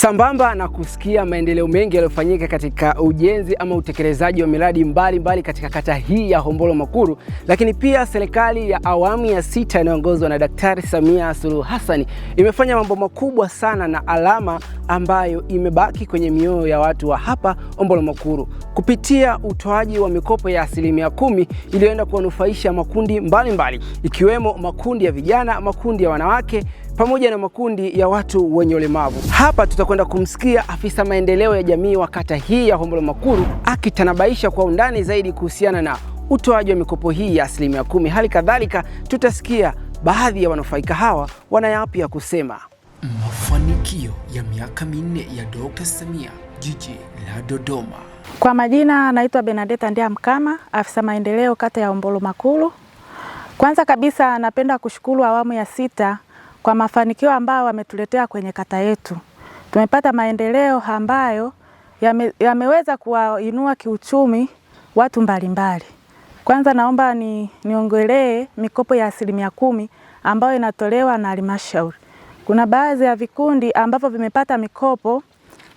Sambamba na kusikia maendeleo mengi yaliyofanyika katika ujenzi ama utekelezaji wa miradi mbalimbali katika kata hii ya Hombolo Makuru, lakini pia serikali ya awamu ya sita inayoongozwa na Daktari Samia Suluhu Hassan imefanya mambo makubwa sana na alama ambayo imebaki kwenye mioyo ya watu wa hapa Hombolo Makuru kupitia utoaji wa mikopo ya asilimia kumi iliyoenda kuwanufaisha makundi mbalimbali mbali, ikiwemo makundi ya vijana, makundi ya wanawake pamoja na makundi ya watu wenye ulemavu. Hapa tuta tunakwenda kumsikia afisa maendeleo ya jamii wa kata hii ya Hombolo Makuru akitanabaisha kwa undani zaidi kuhusiana na utoaji wa mikopo hii ya asilimia kumi. Hali kadhalika tutasikia baadhi ya wanufaika hawa wana yapi ya kusema. Mafanikio ya miaka minne ya Dr. Samia jiji la Dodoma. Kwa majina naitwa Benadeta Ndia Mkama, afisa maendeleo kata ya Hombolo Makuru. Kwanza kabisa napenda kushukuru awamu ya sita kwa mafanikio ambayo wametuletea kwenye kata yetu. Tumepata maendeleo ambayo yame, yameweza kuwainua kiuchumi watu mbalimbali mbali. Kwanza naomba ni, niongelee mikopo ya asilimia kumi ambayo inatolewa na halmashauri. Kuna baadhi ya vikundi ambavyo vimepata mikopo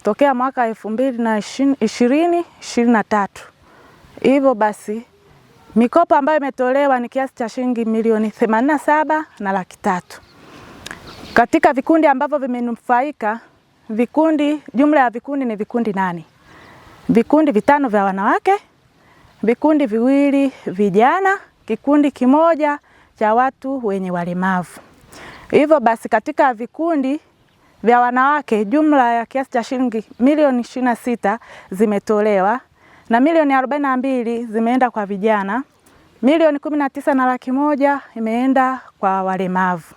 tokea mwaka elfu mbili na ishirini ishirini na tatu. Hivyo basi mikopo ambayo imetolewa ni kiasi cha shilingi milioni themanini saba na laki tatu. Katika vikundi ambavyo vimenufaika vikundi, jumla ya vikundi ni vikundi nane, vikundi vitano vya wanawake, vikundi viwili vijana, kikundi kimoja cha watu wenye walemavu. Hivyo basi katika vikundi vya wanawake jumla ya kiasi cha shilingi milioni ishirini na sita zimetolewa na milioni arobaini na mbili zimeenda kwa vijana, milioni kumi na tisa na laki moja imeenda kwa walemavu.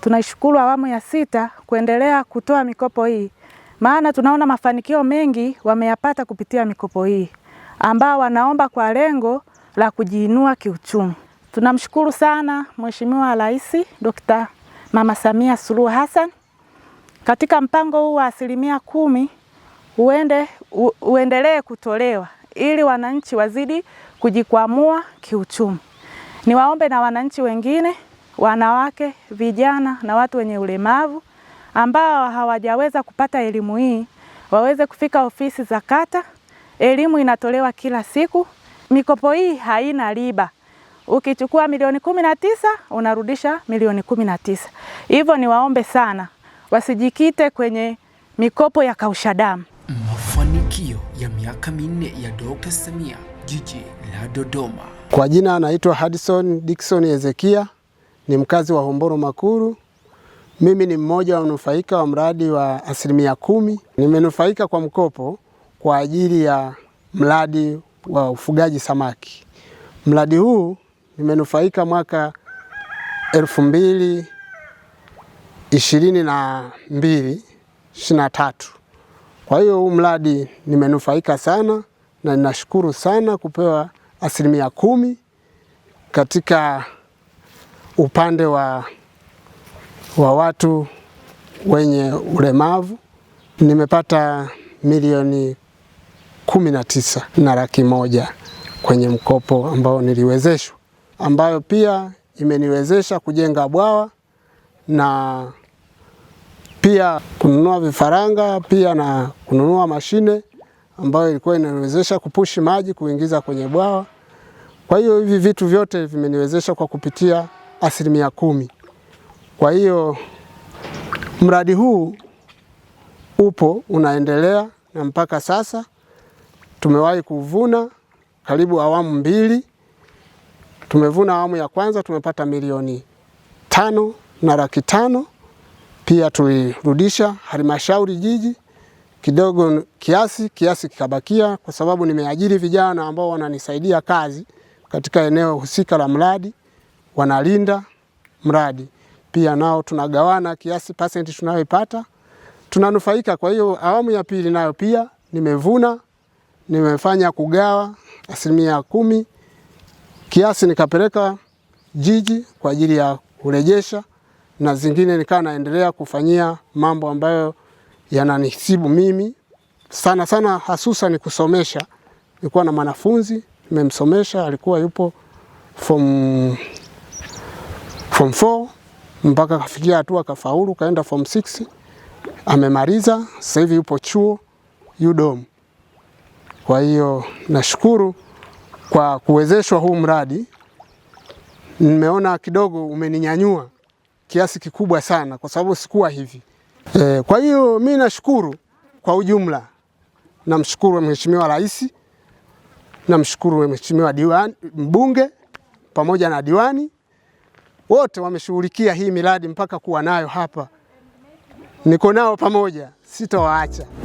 Tunaishukuru awamu ya sita kuendelea kutoa mikopo hii, maana tunaona mafanikio mengi wameyapata kupitia mikopo hii, ambao wanaomba kwa lengo la kujiinua kiuchumi. Tunamshukuru sana Mheshimiwa Rais dokta Mama Samia Suluhu Hassan katika mpango huu wa asilimia kumi uende, uendelee kutolewa ili wananchi wazidi kujikwamua kiuchumi. Niwaombe na wananchi wengine wanawake, vijana na watu wenye ulemavu ambao hawajaweza kupata elimu hii waweze kufika ofisi za kata. Elimu inatolewa kila siku. Mikopo hii haina riba. Ukichukua milioni kumi na tisa unarudisha milioni kumi na tisa. Hivyo niwaombe sana wasijikite kwenye mikopo ya kausha damu. Mafanikio ya miaka minne ya Dr. Samia, jiji la Dodoma. Kwa jina anaitwa Hudson Dickson Ezekia ni mkazi wa Hombolo Makuru. Mimi ni mmoja wa nufaika wa mradi wa asilimia kumi. Nimenufaika kwa mkopo kwa ajili ya mradi wa ufugaji samaki. Mradi huu nimenufaika mwaka elfu mbili ishirini na mbili ishirini na tatu. Kwa hiyo huu mradi nimenufaika sana na ninashukuru sana kupewa asilimia kumi katika upande wa, wa watu wenye ulemavu nimepata milioni kumi na tisa na laki moja kwenye mkopo ambao niliwezeshwa, ambayo pia imeniwezesha kujenga bwawa na pia kununua vifaranga pia na kununua mashine ambayo ilikuwa inaniwezesha kupushi maji kuingiza kwenye bwawa. Kwa hiyo hivi vitu vyote vimeniwezesha kwa kupitia asilimia kumi. Kwa hiyo mradi huu upo unaendelea, na mpaka sasa tumewahi kuvuna karibu awamu mbili. Tumevuna awamu ya kwanza tumepata milioni tano na laki tano. Pia tulirudisha halmashauri jiji kidogo kiasi, kiasi kikabakia, kwa sababu nimeajiri vijana ambao wananisaidia kazi katika eneo husika la mradi wanalinda mradi pia, nao tunagawana kiasi pasenti tunayoipata tunanufaika. Kwa hiyo awamu ya pili nayo pia nimevuna, nimefanya kugawa asilimia kumi, kiasi nikapeleka jiji kwa ajili ya kurejesha, na zingine nikawa naendelea kufanyia mambo ambayo yananisibu mimi sana sana, hasusa ni kusomesha. Nilikuwa na mwanafunzi nimemsomesha, alikuwa yupo form form 4 mpaka kafikia hatua kafaulu, kaenda form 6 amemaliza, sasa hivi yupo chuo UDOM. Kwa hiyo nashukuru kwa kuwezeshwa huu mradi, nimeona kidogo umeninyanyua kiasi kikubwa sana, kwa sababu sikuwa hivi e. Kwa hiyo mi nashukuru kwa ujumla, namshukuru Mheshimiwa Rais, namshukuru Mheshimiwa diwani, mbunge pamoja na diwani wote wameshughulikia hii miradi mpaka kuwa nayo hapa. Niko nao pamoja, sitawaacha.